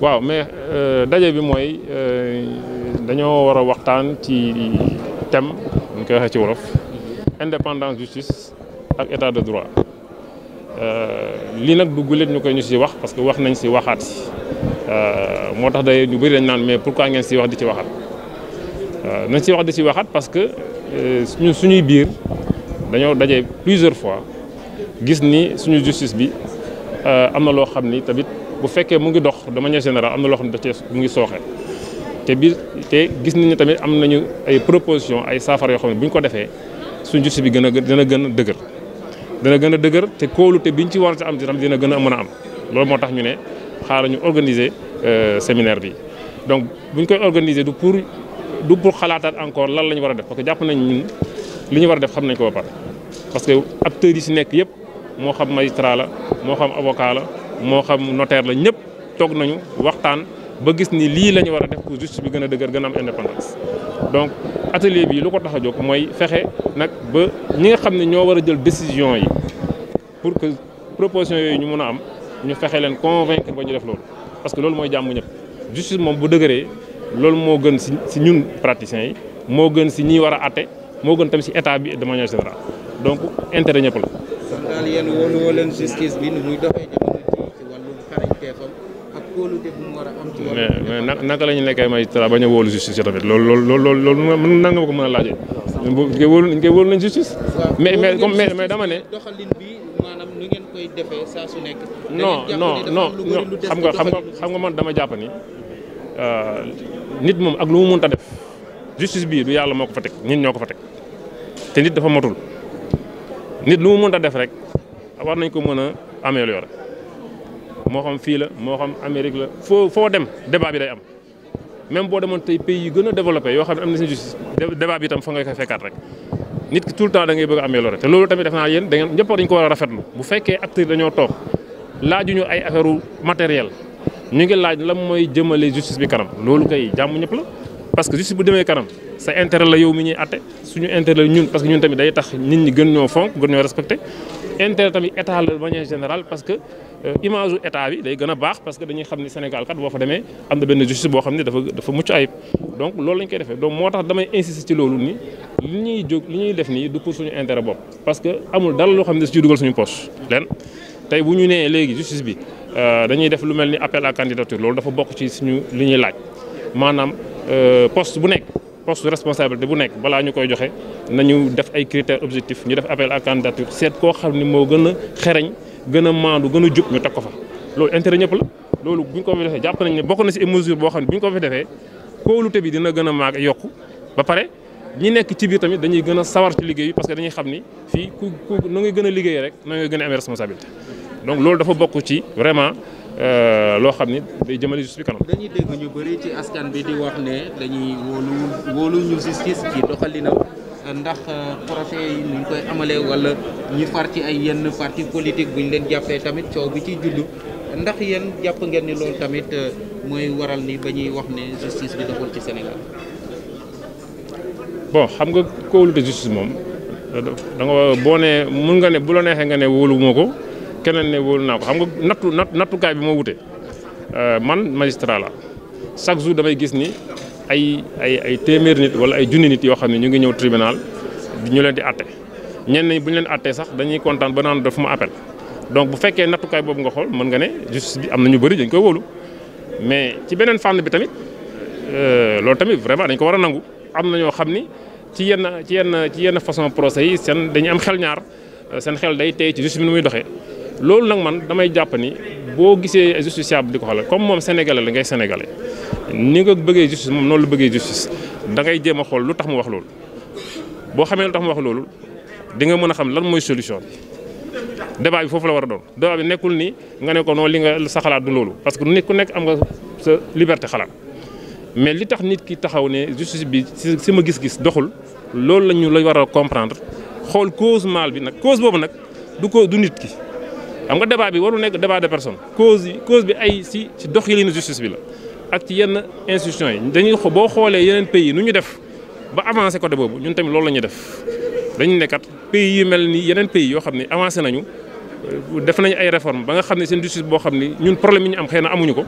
waaw mais euh, daje bi mooy euh, dañoo war a waxtaan ci thème ñu koy waxee ci wolof indépendance justice ak état de droit euh, lii nag du guléet ñu koy ñu si wax parce que wax nañ si waxaat si moo tax day ñu bëri dañ naan mais pour pourquoi ngeen si wax di ci waxaat nañ si wax di si waxaat parce que suñu suñuy biir dañoo daje plusieurs fois gis ni suñu justice bi am na loo xam ni tamit bu fekkee mu ngi dox de manière générale am na loo xam ne da cee mu ngi sooxe te bi te gis nañu tamit am nañu ay proposition ay saafara yoo xam ne bu ñu ko defee suñ justice bi gën a dina gën a dëgër dina gën a dëgër te bi ñu ci war a am tam dina gën a mën a am loolu moo tax ñu ne xaaral ñu organiser euh, séminaire bi donc bu ñu koy organiser du pour du pour xalaataat encore lan la ñu war a def parce que jàpp nañ ñun li ñu war a def xam nañ ko ba pare parce que acteurs yi si nekk yëpp moo xam magistrat la moo xam avocat la moo xam notaire la ñëpp toog nañu waxtaan ba gis ni lii la ñu war a def pour justice bi gën a dëgër gën a am indépendance. donc atelier bi lu ko tax a jóg mooy fexe nag ba ñi nga xam ne ñoo war a jël décision yi pour que propositions yooyu ñu mun a am ñu fexe leen convaincre ba ñu def loolu parce que loolu mooy jàmm ñëpp justice moom bu dëgëree loolu moo gën si si ñun praticiens yi moo gën si ñi war a àtte moo gën tamit si état bi de manière générale donc intérêt a mais mais naka la ñu nekkee may tra bañ a wóolu justice yi tamit loolu loolu loolu nan nga ma ko mën a laajee. waaw dañ koy wóolu dañ koy wóolu nañ justice. mais mais comme mais mais dama ne. no bi xam nga xam nga xam man dama jàpp ni euh, nit moom ak lu mu mënta def justice bii du yàlla moo ko fa teg nit ñoo ko fa teg te nit dafa matul nit lu mu mënta def rek war nañ ko mën a améliorer moo xam fii la moo xam Amérique la foo foo dem débat bi day am même boo demoon tey pays yu gën a développé yoo xam ne am na seen justice débat bi itam fa nga koy fekkaat rek nit ki tout le temps da bëgg a loolu tamit def naa yéen da ngeen ñëpp dañu war a rafetlu bu fekkee acteurs dañoo toog laajuñu ay affaire matériel ñu ngi laaj lan mooy jëmale justice bi kanam loolu kay jàmm ñëpp la parce que justice bu demee kanam sa intérêt la yow mi ñuy atte suñu intérêt la ñun parce que ñun tamit intérêt tamit état la de manière générale parce que euh, image état bi day gën a baax parce que dañuy xam ni Sénégal kat boo fa demee am na benn justice boo xam ne dafa dafa mucc ayib donc loolu lañ koy defee donc moo tax damay insister ci loolu ni li ñuy jóg li ñuy def nii du pour suñu intérêt bopp parce que amul dara loo xam ne ci dugal suñu poche leen tey bu ñu nee léegi justice bi euh, dañuy def lu mel ni appel à candidature loolu dafa bokk ci suñu li ñuy laaj maanaam euh, post bu nekk poste responsabilité bu nekk balaa ñu koy joxe nañu def ay critères objectifs ñu def appel à candidature seet koo xam ni moo gën a xereñ gën a maandu gën a jub ñu teg ko fa. loolu intere ñëpp la loolu bu ñu ko fi defee jàpp nañ ne bokk na ci mesure boo xam ko fi defee kóolute bi dina gën a maag yokk ba pare ñi nekk ci biir tamit dañuy gën a sawar ci liggéey parce que dañuy xam ni fii ku ku na ngay gën a liggéey rek na ngay gën a amee responsabilité donc loolu dafa bokk ci vraiment. Euh, loo xam ni day jëmale justice bi kanam. dañuy dégg ñu bëri ci askan bi di wax ne dañuy wóolu wóolu ñu justice ci doxalinam ndax euh, procès yi ñu koy amalee wala ñu far ci ay yenn parti politique bu ñu leen jàppee tamit coow bi ci juddu ndax yéen jàpp ngeen ni loolu tamit euh, mooy waral ni ba ñuy wax ne justice bi doxul ci Sénégal. bon xam nga ko wóolu de justice moom da nga boo nee mun nga ne bu la neexee nga ne wóolu ko. keneen ne wóolu naa ko xam nga nattu nattukaay bi moo wute euh, man magistrat la chaque jour damay gis ni ay ay ay téeméer nit wala ay junni nit yoo xam ne ñu ngi ñëw tribunal ñu leen di atte ñenn ñi bu ñu leen attee sax dañuy kontaan ba naan daf ma appel donc bu fekkee nattukaay boobu nga xool mën nga ne justice bi am na ñu bëri dañ koy wóolu mais ci beneen fànn bi tamit euh, loolu tamit vraiment dañ ko war a nangu am na ñoo xam ni ci yenn ci yenn ci yenn façon procès yi seen dañuy am xel ñaar euh, seen xel day tey ci justice bi nu muy doxee. loolu nag man damay jàpp ni boo gisee justiciable di ko xoolal comme moom sénégalais la ngay sénégalais ni nga bëggee justice moom noonu la bëggee justice da ngay jéem a xool lu tax mu wax loolu. boo xamee lu tax mu wax loolu di nga mën a xam lan mooy solution bi débat bi foofu la war a doon débat bi nekkul nii nga ne ko noonu li nga sa xalaat du loolu parce que nit ku nekk am nga sa liberté xalaat. mais li tax nit ki taxaw ne justice bi si ma gis-gis doxul loolu la ñu la war a comprendre xool cause bi nag cause boobu nag du ko du nit ki. xam nga débat bi warul nekk débat de personne cause yi cause bi ay si ci doxalinu justice bi la ak ci yenn institutions yi dañuy boo xoolee yeneen pays nu ñu def ba avancé côté boobu ñun tamit loolu la ñuy def dañu nekkat pays yu mel ni yeneen pays yoo xam ne avancé nañu euh, def nañu ay réformes ba nga xam ne seen justice boo xam ni ñun problème yi ñu am xëy na amuñu ko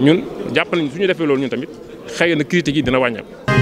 ñun jàpp nañu su ñu defee loolu ñun tamit xëy na critique yi dina wàññeeku.